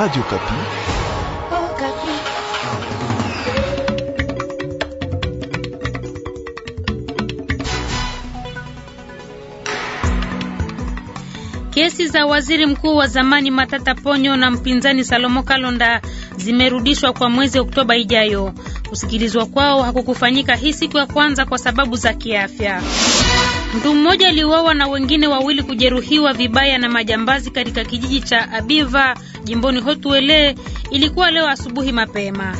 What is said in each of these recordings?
Radio Kapi. Oh, Kapi. Kesi za waziri mkuu wa zamani Matata Ponyo na mpinzani Salomo Kalonda zimerudishwa kwa mwezi Oktoba ijayo. Kusikilizwa kwao hakukufanyika hii siku ya kwanza kwa sababu za kiafya. Mtu mmoja aliuawa na wengine wawili kujeruhiwa vibaya na majambazi katika kijiji cha Abiva jimboni Hotuele ilikuwa leo asubuhi mapema.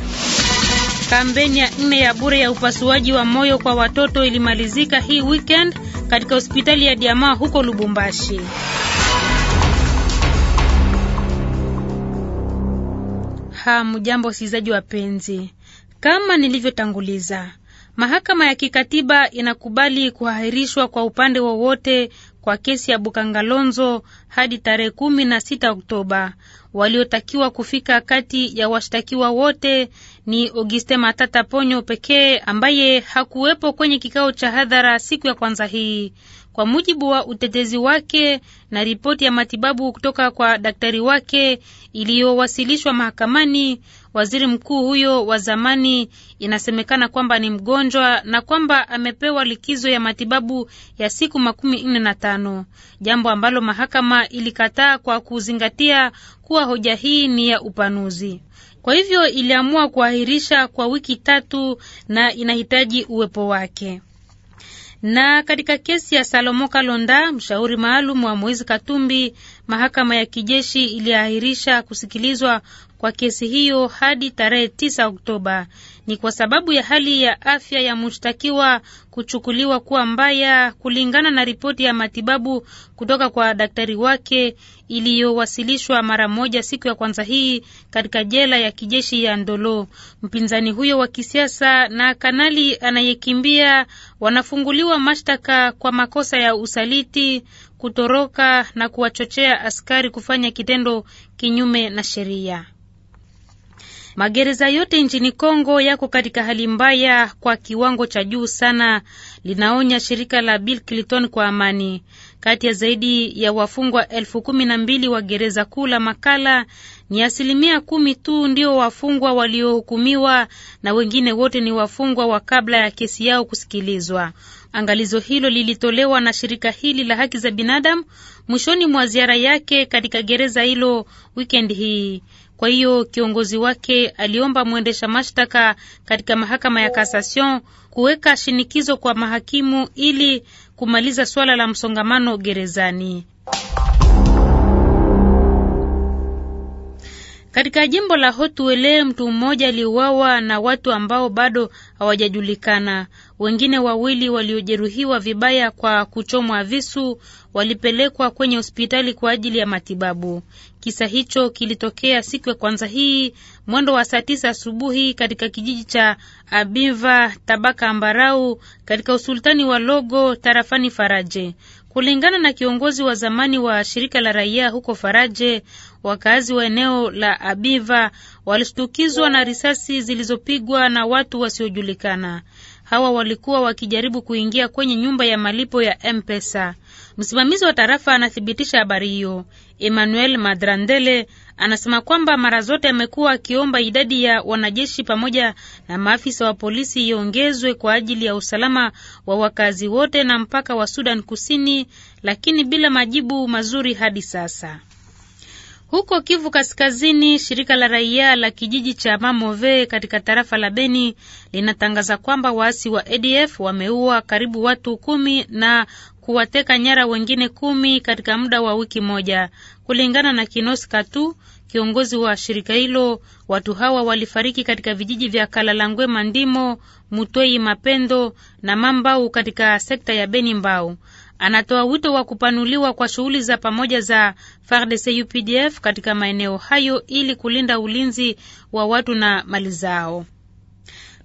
Kampeni ya nne ya bure ya upasuaji wa moyo kwa watoto ilimalizika hii weekend katika hospitali ya Diamaa huko Lubumbashi. Hamjambo wasikilizaji wapenzi, kama nilivyotanguliza Mahakama ya kikatiba inakubali kuahirishwa kwa upande wowote kwa kesi ya Bukangalonzo hadi tarehe kumi na sita Oktoba. Waliotakiwa kufika kati ya washtakiwa wote ni Auguste Matata Ponyo pekee ambaye hakuwepo kwenye kikao cha hadhara siku ya kwanza hii. Kwa mujibu wa utetezi wake na ripoti ya matibabu kutoka kwa daktari wake iliyowasilishwa mahakamani, Waziri mkuu huyo wa zamani inasemekana kwamba ni mgonjwa na kwamba amepewa likizo ya matibabu ya siku makumi nne na tano, jambo ambalo mahakama ilikataa kwa kuzingatia kuwa hoja hii ni ya upanuzi. Kwa hivyo iliamua kuahirisha kwa wiki tatu na inahitaji uwepo wake. Na katika kesi ya Salomo Kalonda, mshauri maalum wa Moise Katumbi, mahakama ya kijeshi iliahirisha kusikilizwa kwa kesi hiyo hadi tarehe 9 Oktoba. Ni kwa sababu ya hali ya afya ya mshtakiwa kuchukuliwa kuwa mbaya, kulingana na ripoti ya matibabu kutoka kwa daktari wake iliyowasilishwa mara moja siku ya kwanza hii katika jela ya kijeshi ya Ndolo. Mpinzani huyo wa kisiasa na kanali anayekimbia wanafunguliwa mashtaka kwa makosa ya usaliti, kutoroka na kuwachochea askari kufanya kitendo kinyume na sheria. Magereza yote nchini Kongo yako katika hali mbaya kwa kiwango cha juu sana, linaonya shirika la Bill Clinton kwa amani. Kati ya zaidi ya wafungwa elfu kumi na mbili wa gereza kuu la Makala ni asilimia kumi tu ndio wafungwa waliohukumiwa na wengine wote ni wafungwa wa kabla ya kesi yao kusikilizwa. Angalizo hilo lilitolewa na shirika hili la haki za binadamu mwishoni mwa ziara yake katika gereza hilo wikendi hii. Kwa hiyo kiongozi wake aliomba mwendesha mashtaka katika mahakama ya kasasion kuweka shinikizo kwa mahakimu ili kumaliza swala la msongamano gerezani. Katika jimbo la Hotuele mtu mmoja aliuawa na watu ambao bado hawajajulikana. Wengine wawili waliojeruhiwa vibaya kwa kuchomwa visu walipelekwa kwenye hospitali kwa ajili ya matibabu. Kisa hicho kilitokea siku ya kwanza hii mwendo wa saa tisa asubuhi katika kijiji cha Abimva tabaka Ambarau katika usultani wa Logo tarafani Faraje, kulingana na kiongozi wa zamani wa shirika la raia huko Faraje. Wakazi wa eneo la Abiva walishtukizwa na risasi zilizopigwa na watu wasiojulikana. Hawa walikuwa wakijaribu kuingia kwenye nyumba ya malipo ya M-Pesa. Msimamizi wa tarafa anathibitisha habari hiyo. Emmanuel Madrandele anasema kwamba mara zote amekuwa akiomba idadi ya wanajeshi pamoja na maafisa wa polisi iongezwe kwa ajili ya usalama wa wakazi wote na mpaka wa Sudan Kusini, lakini bila majibu mazuri hadi sasa. Huko Kivu Kaskazini, shirika la raia la kijiji cha Mamove katika tarafa la Beni linatangaza kwamba waasi wa ADF wameua karibu watu kumi na kuwateka nyara wengine kumi katika muda wa wiki moja, kulingana na Kinoska tu kiongozi wa shirika hilo. Watu hawa walifariki katika vijiji vya Kalalangwe, Mandimo, Mutwei, Mapendo na Mambau katika sekta ya Beni Mbau anatoa wito wa kupanuliwa kwa shughuli za pamoja za FARDC UPDF katika maeneo hayo ili kulinda ulinzi wa watu na mali zao.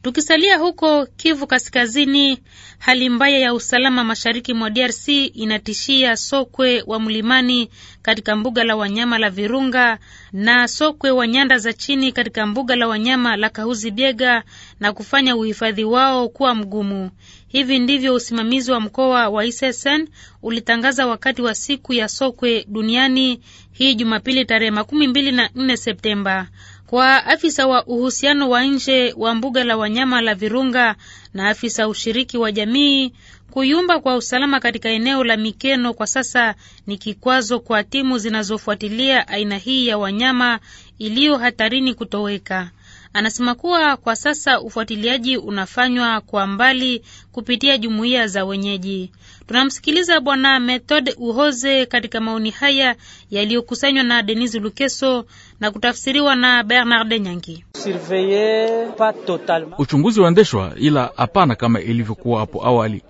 Tukisalia huko Kivu Kaskazini, hali mbaya ya usalama mashariki mwa DRC inatishia sokwe wa mlimani katika mbuga la wanyama la Virunga na sokwe wa nyanda za chini katika mbuga la wanyama la Kahuzi Biega na kufanya uhifadhi wao kuwa mgumu. Hivi ndivyo usimamizi wa mkoa wa Isesen ulitangaza wakati wa siku ya sokwe duniani hii Jumapili tarehe makumi mbili na nne Septemba. Kwa afisa wa uhusiano wa nje wa mbuga la wanyama la Virunga na afisa ushiriki wa jamii, kuyumba kwa usalama katika eneo la Mikeno kwa sasa ni kikwazo kwa timu zinazofuatilia aina hii ya wanyama iliyo hatarini kutoweka. Anasema kuwa kwa sasa ufuatiliaji unafanywa kwa mbali kupitia jumuiya za wenyeji. Tunamsikiliza Bwana Method Uhoze katika maoni haya yaliyokusanywa na Denis Lukeso na kutafsiriwa na Bernard Nyangi. Uchunguzi waendeshwa, ila hapana kama ilivyokuwa hapo awali.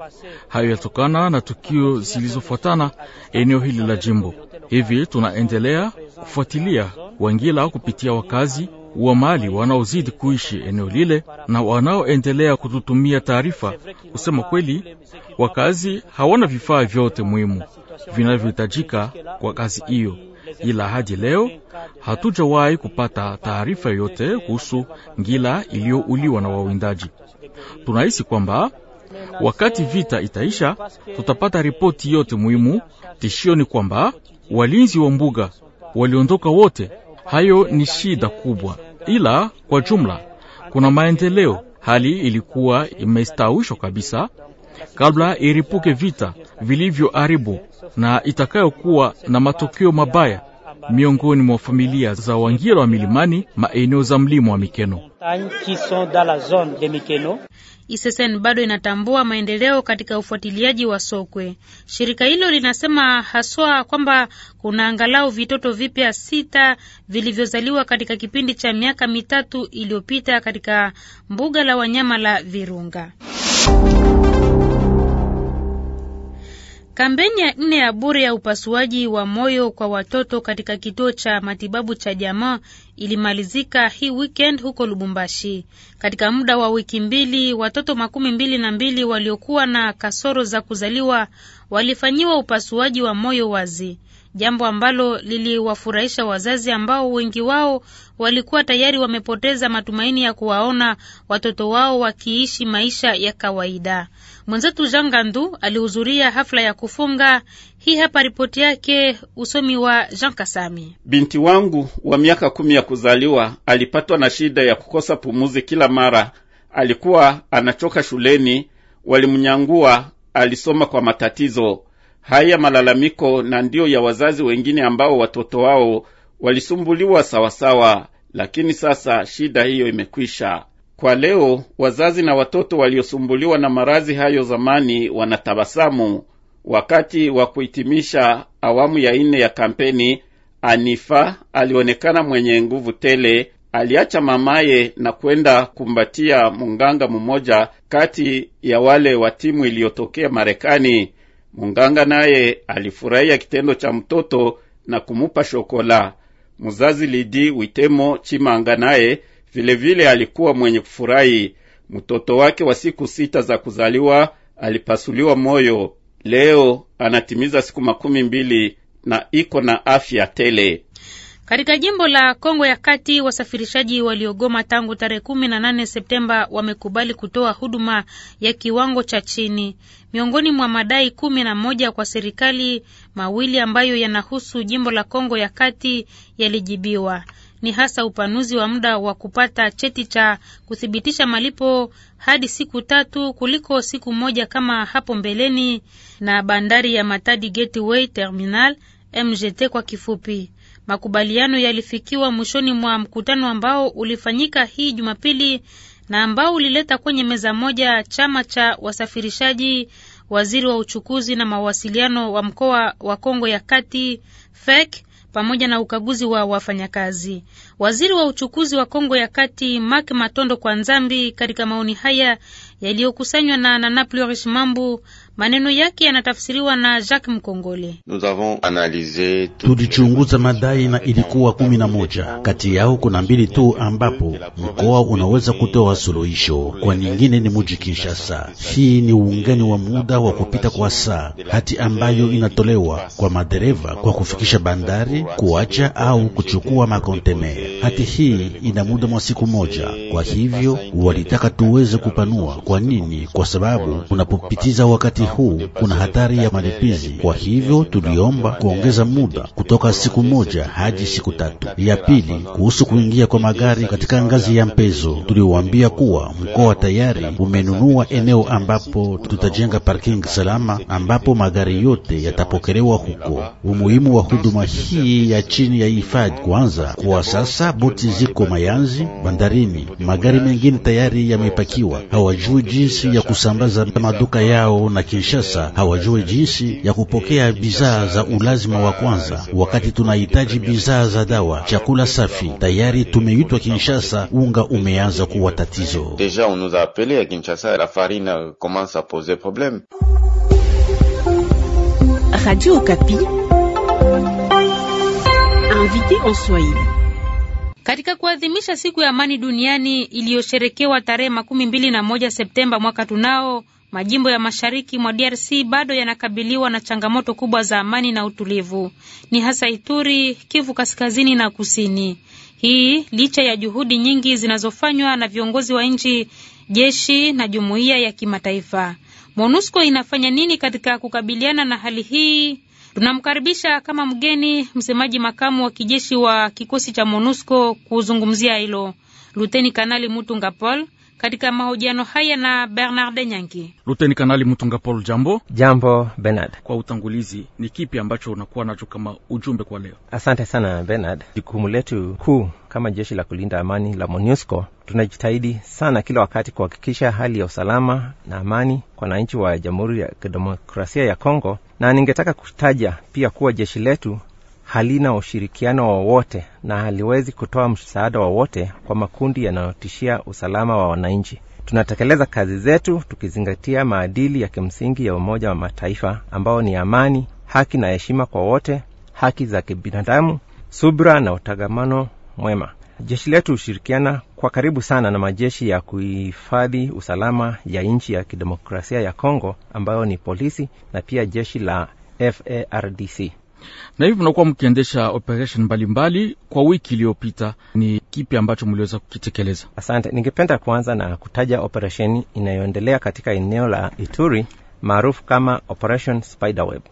Hayo yatokana na tukio zilizofuatana eneo hili la jimbo. Hivi tunaendelea kufuatilia Wangila kupitia wakazi wa Mali wanaozidi kuishi eneo lile na wanaoendelea kututumia taarifa. Kusema kweli, wakazi hawana vifaa vyote muhimu vinavyohitajika kwa kazi hiyo, ila hadi leo hatujawahi kupata taarifa yoyote kuhusu ngila iliyouliwa na wawindaji. Tunahisi kwamba wakati vita itaisha, tutapata ripoti yote muhimu. Tishio ni kwamba walinzi wa mbuga waliondoka wote. Hayo ni shida kubwa ila kwa jumla kuna maendeleo. Hali ilikuwa imestawishwa kabisa kabla iripuke vita vilivyoharibu na itakayokuwa na matokeo mabaya miongoni mwa familia za Wangila wa milimani, maeneo za mlima wa Mikeno. Isesen bado inatambua maendeleo katika ufuatiliaji wa sokwe. Shirika hilo linasema haswa kwamba kuna angalau vitoto vipya sita vilivyozaliwa katika kipindi cha miaka mitatu iliyopita katika mbuga la wanyama la Virunga. Kampeni ya nne ya bure ya upasuaji wa moyo kwa watoto katika kituo cha matibabu cha jamaa ilimalizika hii weekend huko Lubumbashi. Katika muda wa wiki mbili, watoto makumi mbili na mbili waliokuwa na kasoro za kuzaliwa walifanyiwa upasuaji wa moyo wazi, jambo ambalo liliwafurahisha wazazi ambao wengi wao walikuwa tayari wamepoteza matumaini ya kuwaona watoto wao wakiishi maisha ya kawaida. Mwenzetu Jangandu alihudhuria hafla ya kufunga hii hapa ripoti yake, usomi wa Jean Kasami. Binti wangu wa miaka kumi ya kuzaliwa alipatwa na shida ya kukosa pumuzi kila mara. Alikuwa anachoka shuleni, walimnyangua, alisoma kwa matatizo haya. Malalamiko na ndiyo ya wazazi wengine ambao watoto wao walisumbuliwa sawasawa, lakini sasa shida hiyo imekwisha. Kwa leo wazazi na watoto waliosumbuliwa na marazi hayo zamani wanatabasamu. Wakati wa kuhitimisha awamu ya nne ya kampeni, Anifa alionekana mwenye nguvu tele. Aliacha mamaye na kwenda kumbatia munganga mmoja kati ya wale wa timu iliyotokea Marekani. Munganga naye alifurahia kitendo cha mtoto na kumupa shokola. Mzazi Lidi Witemo Chimanga naye vilevile alikuwa mwenye kufurahi. Mtoto wake wa siku sita za kuzaliwa alipasuliwa moyo leo anatimiza siku makumi mbili na iko na afya tele. Katika jimbo la Kongo ya Kati, wasafirishaji waliogoma tangu tarehe kumi na nane Septemba wamekubali kutoa huduma ya kiwango cha chini. Miongoni mwa madai kumi na moja kwa serikali, mawili ambayo yanahusu jimbo la Kongo ya Kati yalijibiwa ni hasa upanuzi wa muda wa kupata cheti cha kuthibitisha malipo hadi siku tatu kuliko siku moja kama hapo mbeleni, na bandari ya Matadi Gateway Terminal MGT kwa kifupi. Makubaliano yalifikiwa mwishoni mwa mkutano ambao ulifanyika hii Jumapili na ambao ulileta kwenye meza moja chama cha wasafirishaji, waziri wa uchukuzi na mawasiliano wa mkoa wa Kongo ya Kati, FEC, pamoja na ukaguzi wa wafanyakazi. Waziri wa uchukuzi wa Kongo ya Kati Mak Matondo kwa Nzambi, katika maoni haya yaliyokusanywa na Nanaplurish Mambu Maneno yake yanatafsiriwa na Jacques Mkongole. Tulichunguza madai na ilikuwa kumi na moja, kati yao kuna mbili tu ambapo mkoa unaweza kutoa suluhisho, kwa nyingine ni muji Kinshasa. Hii ni uungani wa muda wa kupita kwa saa, hati ambayo inatolewa kwa madereva kwa kufikisha bandari, kuacha au kuchukua makontene. Hati hii ina muda mwa siku moja, kwa hivyo walitaka tuweze kupanua. Kwa nini? Kwa sababu unapopitiza wakati huu kuna hatari ya malipizi. Kwa hivyo tuliomba kuongeza muda kutoka siku moja hadi siku tatu. Ya pili, kuhusu kuingia kwa magari katika ngazi ya Mpezo, tuliwaambia kuwa mkoa tayari umenunua eneo ambapo tutajenga parking salama ambapo magari yote yatapokelewa huko. Umuhimu wa huduma hii ya chini ya hifadhi kwanza, kwa sasa boti ziko Mayanzi bandarini, magari mengine tayari yamepakiwa. Hawajui jinsi ya kusambaza maduka yao na Kinshasa hawajui jinsi ya kupokea bidhaa za ulazima wa kwanza, wakati tunahitaji bidhaa za dawa, chakula safi. Tayari tumeitwa Kinshasa, unga umeanza kuwa tatizo. Deja on nous a appelé à Kinshasa, la farine commence à poser problème. Radio Kapi. invité en Swahili. Katika kuadhimisha siku ya amani duniani iliyosherekewa tarehe makumi mbili na moja Septemba mwaka tunao majimbo ya mashariki mwa DRC bado yanakabiliwa na changamoto kubwa za amani na utulivu, ni hasa Ituri, Kivu kaskazini na kusini. Hii licha ya juhudi nyingi zinazofanywa na viongozi wa nchi, jeshi na jumuiya ya kimataifa. MONUSCO inafanya nini katika kukabiliana na hali hii? Tunamkaribisha kama mgeni msemaji makamu wa kijeshi wa kikosi cha MONUSCO kuzungumzia hilo, Luteni Kanali Mutunga Paul katika mahojiano haya na Bernard Nyangi. Luteni Kanali Mtunga Paul, jambo. Jambo Bernard. Kwa utangulizi, ni kipi ambacho unakuwa nacho kama ujumbe kwa leo? Asante sana Bernard. Jukumu letu kuu kama jeshi la kulinda amani la MONUSCO tunajitahidi sana kila wakati kuhakikisha hali ya usalama na amani kwa wananchi wa Jamhuri ya Kidemokrasia ya Kongo, na ningetaka kutaja pia kuwa jeshi letu halina ushirikiano wowote na haliwezi kutoa msaada wowote kwa makundi yanayotishia usalama wa wananchi. Tunatekeleza kazi zetu tukizingatia maadili ya kimsingi ya Umoja wa Mataifa ambao ni amani, haki na heshima kwa wote, haki za kibinadamu, subra na utangamano mwema. Jeshi letu hushirikiana kwa karibu sana na majeshi ya kuhifadhi usalama ya nchi ya kidemokrasia ya Kongo ambayo ni polisi na pia jeshi la FARDC na hivi mnakuwa mkiendesha operation mbalimbali mbali. Kwa wiki iliyopita ni kipi ambacho mliweza kukitekeleza? Asante. Ningependa kuanza na kutaja operesheni inayoendelea katika eneo la Ituri maarufu kama Operation Spiderweb.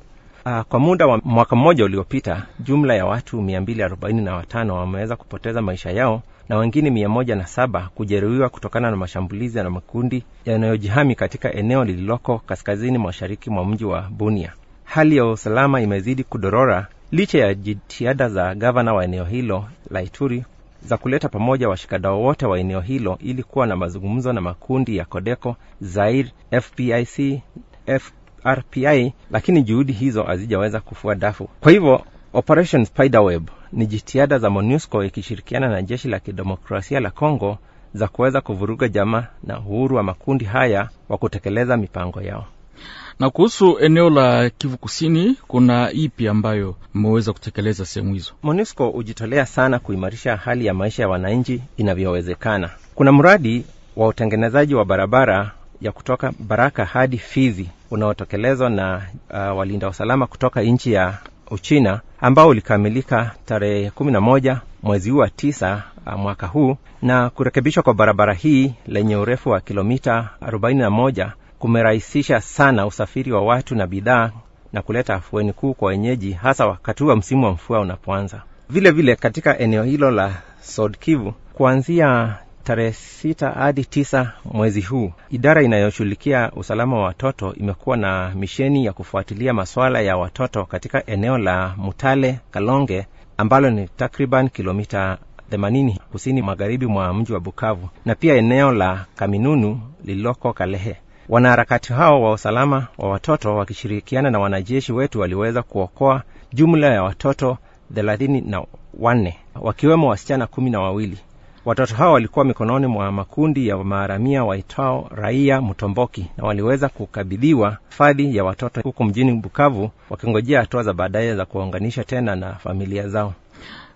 Ah, kwa muda wa mwaka mmoja uliopita, jumla ya watu 245 wameweza kupoteza maisha yao na wengine 107 kujeruhiwa kutokana na mashambulizi na makundi yanayojihami katika eneo lililoko kaskazini mashariki mwa mji wa Bunia hali ya usalama imezidi kudorora licha ya jitihada za gavana wa eneo hilo la Ituri za kuleta pamoja washikadao wote wa eneo hilo ili kuwa na mazungumzo na makundi ya Kodeko, Zair, FPIC, FRPI, lakini juhudi hizo hazijaweza kufua dafu. Kwa hivyo Operation Spiderweb ni jitihada za MONUSCO ikishirikiana na jeshi la kidemokrasia la Congo za kuweza kuvuruga jamaa na uhuru wa makundi haya wa kutekeleza mipango yao. Na kuhusu eneo la Kivu Kusini, kuna ipi ambayo mmeweza kutekeleza sehemu hizo? MONUSCO hujitolea sana kuimarisha hali ya maisha ya wananchi inavyowezekana. Kuna mradi wa utengenezaji wa barabara ya kutoka Baraka hadi Fizi unaotekelezwa na uh, walinda usalama kutoka nchi ya Uchina ambao ulikamilika tarehe kumi na moja mwezi huu wa tisa uh, mwaka huu, na kurekebishwa kwa barabara hii lenye urefu wa kilomita 41 kumerahisisha sana usafiri wa watu na bidhaa na kuleta afueni kuu kwa wenyeji, hasa wakati huu wa msimu wa mfua unapoanza. Vile vile katika eneo hilo la Sud Kivu, kuanzia tarehe sita hadi tisa mwezi huu, idara inayoshughulikia usalama wa watoto imekuwa na misheni ya kufuatilia masuala ya watoto katika eneo la Mutale Kalonge ambalo ni takriban kilomita 80 kusini magharibi mwa mji wa Bukavu na pia eneo la Kaminunu lililoko Kalehe. Wanaharakati hao wa usalama wa watoto wakishirikiana na wanajeshi wetu waliweza kuokoa jumla ya watoto thelathini na wanne wakiwemo wasichana kumi na wawili. Watoto hao walikuwa mikononi mwa makundi ya maharamia waitao Raia Mtomboki na waliweza kukabidhiwa hifadhi ya watoto huku mjini Bukavu, wakingojea hatua za baadaye za kuwaunganisha tena na familia zao.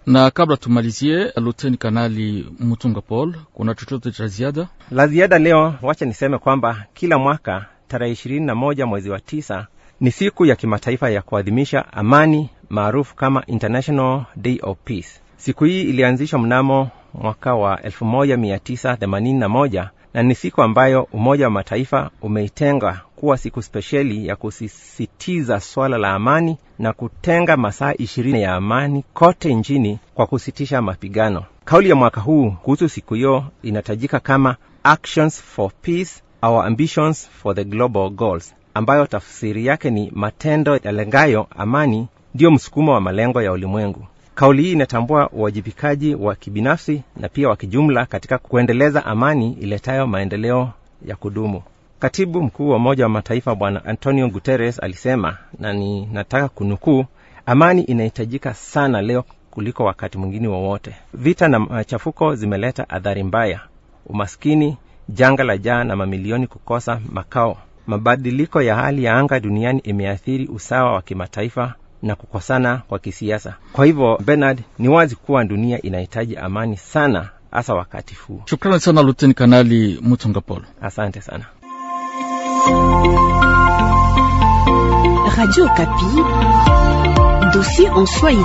Na kabla tumalizie, Luteni Kanali Mutunga Paul, kuna chochote cha ziada? La ziada leo, wacha niseme kwamba kila mwaka tarehe ishirini na moja mwezi wa tisa ni siku ya kimataifa ya kuadhimisha amani maarufu kama International Day of Peace. Siku hii ilianzishwa mnamo mwaka wa 1981 na ni siku ambayo Umoja wa Mataifa umeitenga kuwa siku spesheli ya kusisitiza swala la amani na kutenga masaa ishirini ya amani kote nchini kwa kusitisha mapigano. Kauli ya mwaka huu kuhusu siku hiyo inatajika kama Actions for Peace, Our Ambitions for the Global Goals, ambayo tafsiri yake ni matendo yalengayo amani ndiyo msukumo wa malengo ya ulimwengu. Kauli hii inatambua uwajibikaji wa kibinafsi na pia wa kijumla katika kuendeleza amani iletayo maendeleo ya kudumu katibu mkuu wa umoja wa mataifa bwana antonio guterres alisema na ninataka kunukuu amani inahitajika sana leo kuliko wakati mwingine wowote wa vita na machafuko zimeleta adhari mbaya umaskini janga la jaa na mamilioni kukosa makao mabadiliko ya hali ya anga duniani imeathiri usawa wa kimataifa na kukosana kwa kisiasa kwa hivyo bernard ni wazi kuwa dunia inahitaji amani sana hasa wakati huu shukrani sana luteni kanali mutungapolo asante sana Radio en Swahili.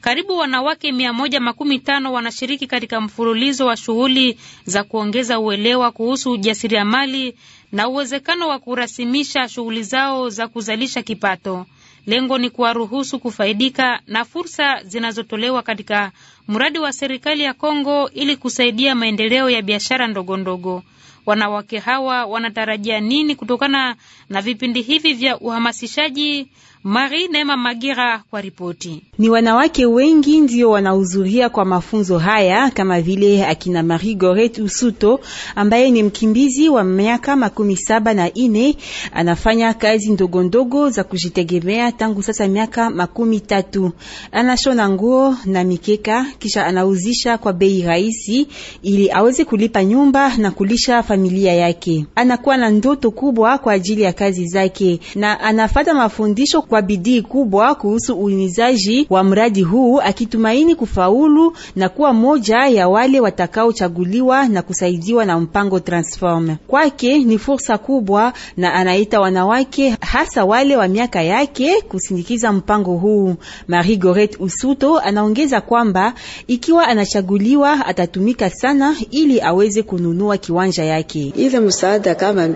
Karibu wanawake mia moja makumi tano wanashiriki katika mfululizo wa shughuli za kuongeza uelewa kuhusu ujasiriamali na uwezekano wa kurasimisha shughuli zao za kuzalisha kipato. Lengo ni kuwaruhusu kufaidika na fursa zinazotolewa katika mradi wa serikali ya Kongo ili kusaidia maendeleo ya biashara ndogondogo. Wanawake hawa wanatarajia nini kutokana na vipindi hivi vya uhamasishaji? mari Neema Magira kwa ripoti. Ni wanawake wengi ndio wanahudhuria kwa mafunzo haya kama vile akina Marie Goret Usuto ambaye ni mkimbizi wa miaka makumi saba na ine anafanya kazi ndogondogo za kujitegemea tangu sasa miaka makumi tatu. Anashona nguo na mikeka kisha anauzisha kwa bei rahisi ili aweze kulipa nyumba na kulisha familia yake. Anakuwa na ndoto kubwa kwa ajili ya kazi zake na anafata mafundisho kwa bidii kubwa kuhusu uhimizaji wa mradi huu, akitumaini kufaulu na kuwa moja ya wale watakaochaguliwa na kusaidiwa na mpango Transform. Kwake ni fursa kubwa, na anaita wanawake hasa wale wa miaka yake kusindikiza mpango huu. Marie Goret Usuto anaongeza kwamba ikiwa anachaguliwa atatumika sana ili aweze kununua kiwanja yake. Ile msaada kama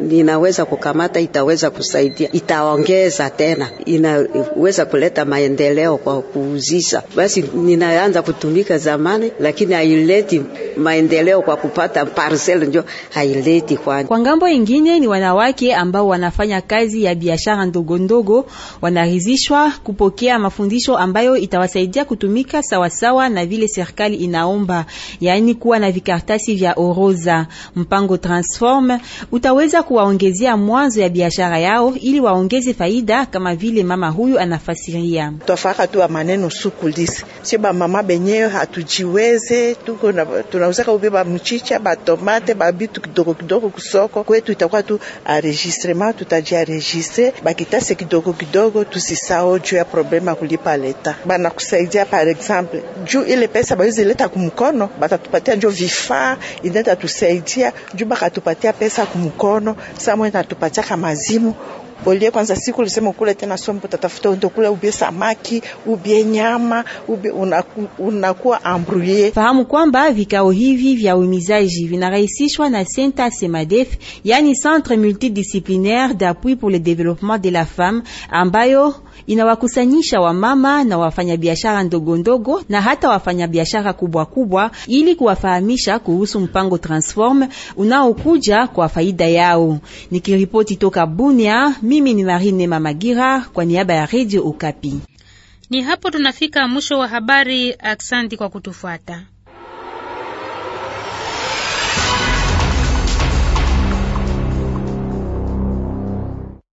ninaweza ni kukamata, itaweza kusaidia, itaongeza te tena inaweza kuleta maendeleo kwa kuuzisha. Basi ninaanza kutumika zamani, lakini haileti maendeleo kwa kupata parcel, njo haileti kwa. Kwa ngambo ingine, ni wanawake ambao wanafanya kazi ya biashara ndogo ndogo, wanaridhishwa kupokea mafundisho ambayo itawasaidia kutumika sawasawa sawa na vile serikali inaomba, yaani kuwa na vikartasi vya oroza. Mpango Transform utaweza kuwaongezea mwanzo ya biashara yao ili waongeze faida kama vile mama huyu anafasiria. Twafaka tu wa maneno sukulisi, si ba mama benyewe hatujiweze, tuko tunauzaka upe ba mchicha ba tomate ba bitu kidogo kidogo kusoko kwetu, itakuwa tu enregistrement, tutajienregistre bakitase kidogo kidogo, tusisao juu ya problema kulipa leta. Bana kusaidia par exemple, juu ile pesa baizileta kumkono, batatupatia njo vifaa inaenda tusaidia juu bakatupatia pesa kumkono, samwe natupatia kamazimu olie kwanza siku ulisema ukule tena sombo, tatafuta ndio kule ubie samaki ubie nyama ubie unaku, unakuwa ambruye. Fahamu kwamba vikao hivi vya uhimizaji vinarahisishwa na Senta Semadef, yani Centre Multidisciplinaire d'Appui pour le Développement de la Femme, ambayo inawakusanyisha wamama na wafanyabiashara ndogo ndogo na hata wafanyabiashara kubwa kubwa ili kuwafahamisha kuhusu mpango Transform unaokuja kwa faida yao. Nikiripoti toka Bunia. Mimi ni Marine Mamagira kwa niaba ya Radio Okapi. Ni hapo tunafika mwisho wa habari. Aksanti kwa kutufuata.